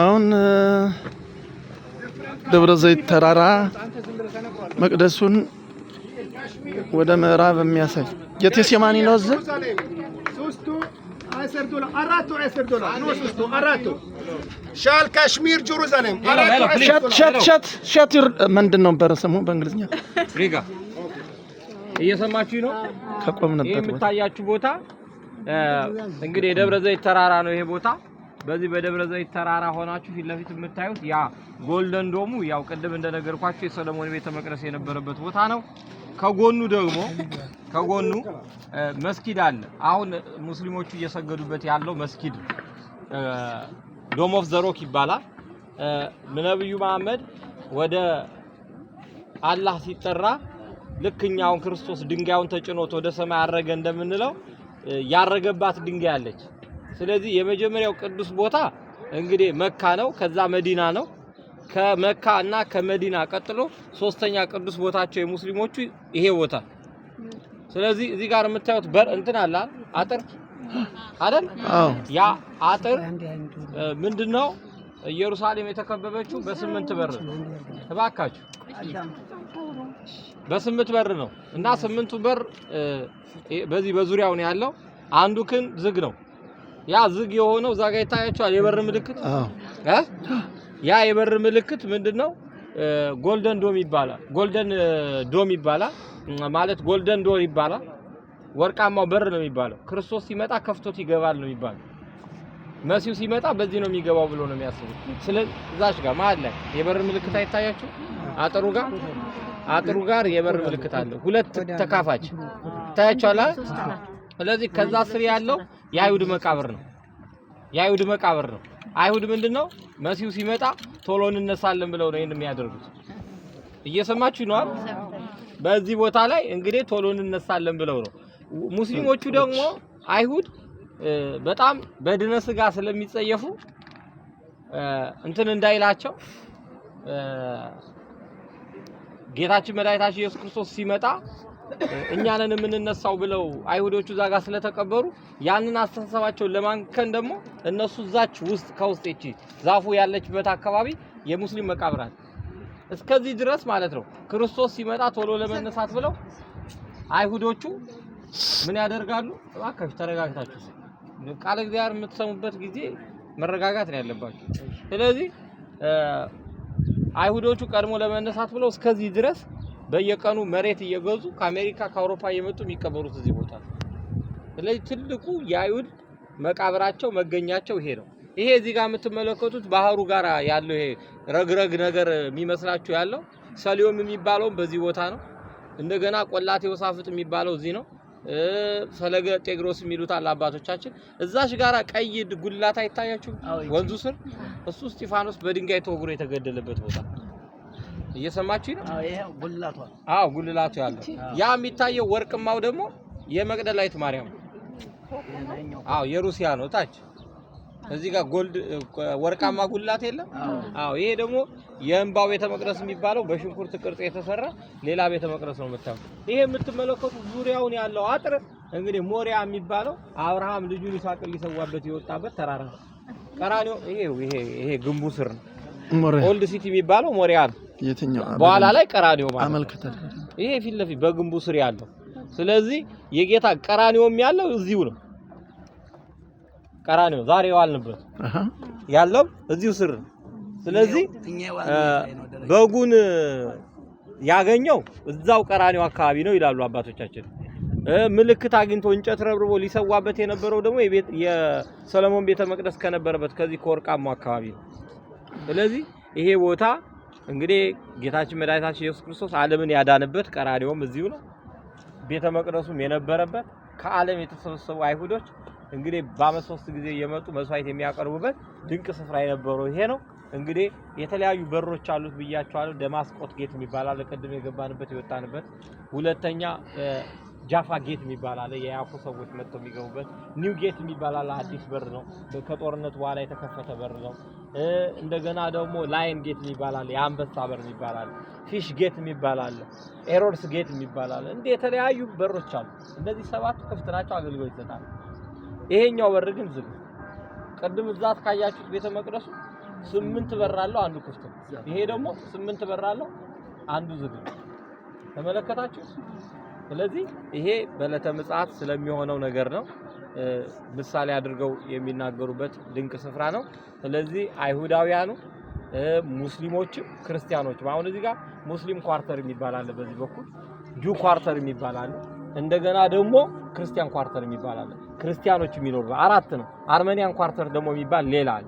አሁን ደብረ ዘይት ተራራ መቅደሱን ወደ ምዕራብ የሚያሳይ የቴሴማኒ ነው። እዚህ ሻል ካሽሚር ጀሩዛሌም ሸት ሸት ምንድን ነው ነበረ ስሙ በእንግሊዝኛ ሪጋ። እየሰማችሁ ነው። ከቆም ነበር የምታያችሁ ቦታ እንግዲህ የደብረ ዘይት ተራራ ነው ይሄ ቦታ። በዚህ በደብረ ዘይት ተራራ ሆናችሁ ፊት ለፊት የምታዩት ያ ጎልደን ዶሙ ያው ቅድም እንደነገርኳችሁ የሰለሞን ቤተ መቅደስ የነበረበት ቦታ ነው። ከጎኑ ደግሞ ከጎኑ መስጊድ አለ። አሁን ሙስሊሞቹ እየሰገዱበት ያለው መስጊድ ዶም ኦፍ ዘሮክ ይባላል። ነብዩ መሐመድ ወደ አላህ ሲጠራ ልክ እኛውን ክርስቶስ ድንጋዩን ተጭኖት ወደ ሰማይ አረገ እንደምንለው ያረገባት ድንጋይ አለች። ስለዚህ የመጀመሪያው ቅዱስ ቦታ እንግዲህ መካ ነው። ከዛ መዲና ነው። ከመካ እና ከመዲና ቀጥሎ ሶስተኛ ቅዱስ ቦታቸው የሙስሊሞቹ ይሄ ቦታ። ስለዚህ እዚህ ጋር የምታዩት በር እንትን አለ አጥር አይደል? ያ አጥር ምንድነው? ኢየሩሳሌም የተከበበችው በስምንት በር ነው። እባካችሁ በስምንት በር ነው እና ስምንቱ በር በዚህ በዙሪያው ነው ያለው። አንዱ ግን ዝግ ነው። ያ ዝግ የሆነው እዛ ጋር ይታያቸዋል። የበር ምልክት ያ የበር ምልክት ምንድን ነው? ጎልደን ዶም ይባላል። ጎልደን ዶም ይባላል ማለት ጎልደን ዶር ይባላል። ወርቃማው በር ነው የሚባለው። ክርስቶስ ሲመጣ ከፍቶት ይገባል ነው የሚባለው። መሲሁ ሲመጣ በዚህ ነው የሚገባው ብሎ ነው የሚያስቡት። ስለዚህ እዛች ጋር መሀል ላይ የበር ምልክት አይታያችሁ? አጥሩ ጋር አጥሩ ጋር የበር ምልክት አለ። ሁለት ተካፋች ይታያችኋል። ስለዚህ ከዛ ስር ያለው የአይሁድ መቃብር ነው። የአይሁድ መቃብር ነው። አይሁድ ምንድን ነው? መሲሁ ሲመጣ ቶሎ እንነሳለን ብለው ነው ይሄን የሚያደርጉት። እየሰማችሁ ነው። በዚህ ቦታ ላይ እንግዲህ ቶሎ እንነሳለን ብለው ነው። ሙስሊሞቹ ደግሞ አይሁድ በጣም በድነ ስጋ ስለሚጸየፉ እንትን እንዳይላቸው ጌታችን መድኃኒታችን ኢየሱስ ክርስቶስ ሲመጣ እኛንን የምንነሳው ብለው አይሁዶቹ እዛ ጋር ስለተቀበሩ ያንን አስተሳሰባቸውን ለማንከን ደግሞ እነሱ እዛች ውስጥ ከውስጥ ይቺ ዛፉ ያለችበት አካባቢ የሙስሊም መቃብራት እስከዚህ ድረስ ማለት ነው። ክርስቶስ ሲመጣ ቶሎ ለመነሳት ብለው አይሁዶቹ ምን ያደርጋሉ? እባካችሁ ተረጋግታችሁ ቃል እግዚአብሔር የምትሰሙበት ጊዜ መረጋጋት ነው ያለባችሁ። ስለዚህ አይሁዶቹ ቀድሞ ለመነሳት ብለው እስከዚህ ድረስ በየቀኑ መሬት እየገዙ ከአሜሪካ ከአውሮፓ እየመጡ የሚቀበሩት እዚህ ቦታ ነው። ስለዚህ ትልቁ የአይሁድ መቃብራቸው መገኛቸው ይሄ ነው። ይሄ እዚህ ጋር የምትመለከቱት ባህሩ ጋር ያለው ይሄ ረግረግ ነገር የሚመስላችሁ ያለው ሰሊዮም የሚባለውም በዚህ ቦታ ነው። እንደገና ቆላቴ ወሳፍጥ የሚባለው እዚህ ነው። ፈለገ ጤግሮስ የሚሉት አለ አባቶቻችን። እዛሽ ጋራ ቀይ ጉላታ ይታያችሁ፣ ወንዙ ስር እሱ እስጢፋኖስ በድንጋይ ተወግሮ የተገደለበት ቦታ እየሰማችሁ ነው። አዎ ጉልላቱ ያለው ያ የሚታየው ወርቅማው ደግሞ የመቅደላዊት ማርያም አዎ የሩሲያ ነው። ታች እዚህ ጋር ጎልድ ወርቃማ ጉልላት የለም። አዎ ይሄ ደግሞ የእንባው ቤተ መቅደስ የሚባለው በሽንኩርት ቅርጽ የተሰራ ሌላ ቤተ መቅደስ ነው የምታዩት። ይሄ የምትመለከቱት ዙሪያውን ያለው አጥር እንግዲህ ሞሪያ የሚባለው አብርሃም ልጁን ይስሐቅን ሊሰዋበት የወጣበት ተራራ ነው። ቀራኒዮ ይሄ ይሄ ግንቡ ስር ነው። ኦልድ ሲቲ የሚባለው ሞሪያ ነው። በኋላ ላይ ቀራኒዮ ማለት ይሄ ፊት ለፊት በግንቡ ስር ያለው። ስለዚህ የጌታ ቀራኒዮም ያለው እዚሁ ነው። ቀራኒዮ ዛሬ የዋልንበት ያለው እዚሁ ስር ነው። ስለዚህ በጉን ያገኘው እዛው ቀራኒዮ አካባቢ ነው ይላሉ አባቶቻችን። ምልክት አግኝቶ እንጨት ረብርቦ ሊሰዋበት የነበረው ደግሞ የሰለሞን ቤተ መቅደስ ከነበረበት ከዚህ ከወርቃማው አካባቢ ነው። ስለዚህ ይሄ ቦታ እንግዲህ ጌታችን መድኃኒታችን ኢየሱስ ክርስቶስ ዓለምን ያዳንበት ቀራኔውም እዚሁ ነው። ቤተ መቅደሱም የነበረበት ከዓለም የተሰበሰቡ አይሁዶች እንግዲህ በዓመት ሶስት ጊዜ የመጡ መስዋዕት የሚያቀርቡበት ድንቅ ስፍራ የነበረው ይሄ ነው። እንግዲህ የተለያዩ በሮች አሉት ብያቸዋለሁ። ደማስቆት ጌት የሚባል አለ፣ ቅድም የገባንበት የወጣንበት። ሁለተኛ ጃፋ ጌት የሚባል አለ፣ የያፉ ሰዎች መጥተው የሚገቡበት። ኒው ጌት የሚባል አለ፣ አዲስ በር ነው፣ ከጦርነት በኋላ የተከፈተ በር ነው። እንደገና ደግሞ ላይን ጌት የሚባላል፣ የአንበሳ በር የሚባላል፣ ፊሽ ጌት የሚባላል፣ ኤሮድስ ጌት የሚባላል። እንደ የተለያዩ በሮች አሉ። እነዚህ ሰባቱ ክፍት ናቸው፣ አገልግሎት ይሰጣል። ይሄኛው በር ግን ዝግ። ቅድም ብዛት ካያችሁት ቤተ መቅደሱ ስምንት በር አለው፣ አንዱ ክፍት ይሄ ደግሞ ስምንት በር አለው፣ አንዱ ዝግ ተመለከታችሁ? ስለዚህ ይሄ በዕለተ ምጽአት ስለሚሆነው ነገር ነው። ምሳሌ አድርገው የሚናገሩበት ድንቅ ስፍራ ነው። ስለዚህ አይሁዳውያኑ ሙስሊሞችም ክርስቲያኖችም አሁን እዚህ ጋር ሙስሊም ኳርተር የሚባል አለ፣ በዚህ በኩል ጁ ኳርተር የሚባል አለ፣ እንደገና ደግሞ ክርስቲያን ኳርተር የሚባል አለ። ክርስቲያኖች የሚኖሩ አራት ነው። አርመኒያን ኳርተር ደግሞ የሚባል ሌላ አለ።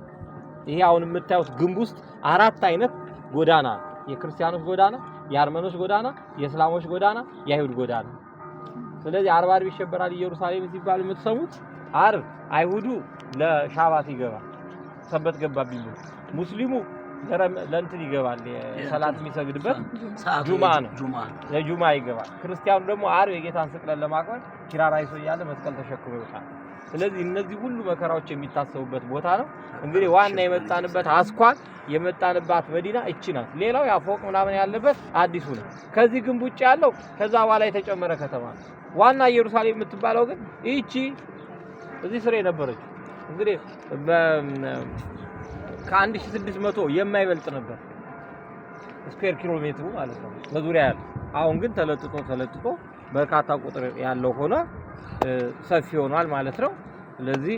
ይሄ አሁን የምታዩት ግንብ ውስጥ አራት አይነት ጎዳና፣ የክርስቲያኖች ጎዳና፣ የአርመኖች ጎዳና፣ የእስላሞች ጎዳና፣ የአይሁድ ጎዳና ስለዚህ አርብ አርብ ይሸበራል ኢየሩሳሌም ሲባል የምትሰሙት አርብ አይሁዱ ለሻባት ይገባል፣ ሰበት ገባብኝ። ሙስሊሙ ለእንትን ይገባል፣ ሰላት የሚሰግድበት ጁማ ነው፣ ለጁማ ይገባል። ክርስቲያኑ ደግሞ አርብ የጌታን ስቅለን ለማክበር ኪራራ ይዞ እያለ መስቀል ተሸክሞ ይወጣል። ስለዚህ እነዚህ ሁሉ መከራዎች የሚታሰቡበት ቦታ ነው። እንግዲህ ዋና የመጣንበት አስኳል የመጣንባት መዲና እቺ ናት። ሌላው ያ ፎቅ ምናምን ያለበት አዲሱ ነው። ከዚህ ግንብ ውጭ ያለው ከዛ በኋላ የተጨመረ ከተማ ነው። ዋና ኢየሩሳሌም የምትባለው ግን ይቺ እዚህ ስሬ ነበረች። እንግዲህ ከአንድ ሺህ ስድስት መቶ የማይበልጥ ነበር ስኩዌር ኪሎ ሜትሩ ማለት ነው በዙሪያ ያለ። አሁን ግን ተለጥጦ ተለጥጦ በርካታ ቁጥር ያለው ሆነ ሰፊ ሆኗል ማለት ነው። ስለዚህ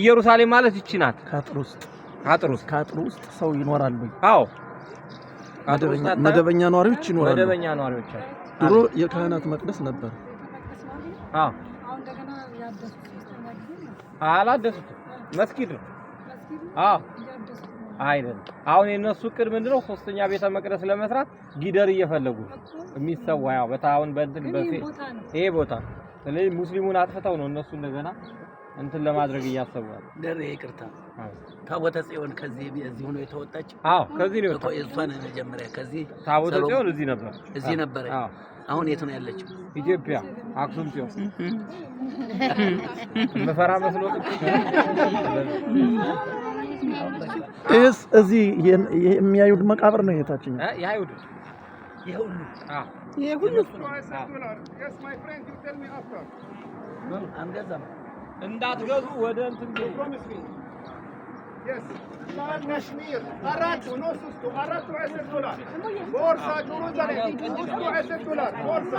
ኢየሩሳሌም ማለት ይቺ ናት። ከአጥር ውስጥ ከአጥር ውስጥ ከአጥር ውስጥ ሰው ይኖራል ይኖራሉ። አዎ መደበኛ ነዋሪዎች ይኖራሉ። መደበኛ ነዋሪዎች ድሮ የካህናት መቅደስ ነበር። አላደሱትም። መስጊድ ነው አይደለም። አሁን የነሱ እቅድ ምንድነው? ሶስተኛ ቤተ መቅደስ ለመስራት ጊደር እየፈለጉ የሚሰዋ ያው በታውን በእንትን ይሄ ቦታ ስለዚህ ሙስሊሙን አጥፍተው ነው እነሱ እንደገና እንትን ለማድረግ እያሰቡ አለ። ይቅርታ፣ ታቦተ ጽዮን ከዚህ እዚህ ሆኖ የተወጣች አዎ፣ ከዚህ ነው የወጣች። እሷን መጀመሪያ ከዚህ ታቦተ ጽዮን እዚህ ነበር፣ እዚህ ነበር። አዎ አሁን የት ነው ያለችው? ኢትዮጵያ አክሱም ጽዮን መፈራ መስሎ እስ እዚህ የሚያዩት መቃብር ነው የታችኛው ያዩድ የሁሉ የሁሉ እንዳትገዙ ወደ እንትን نشمير أرات ونص أرات وعشرة دولار بورصة جروزالم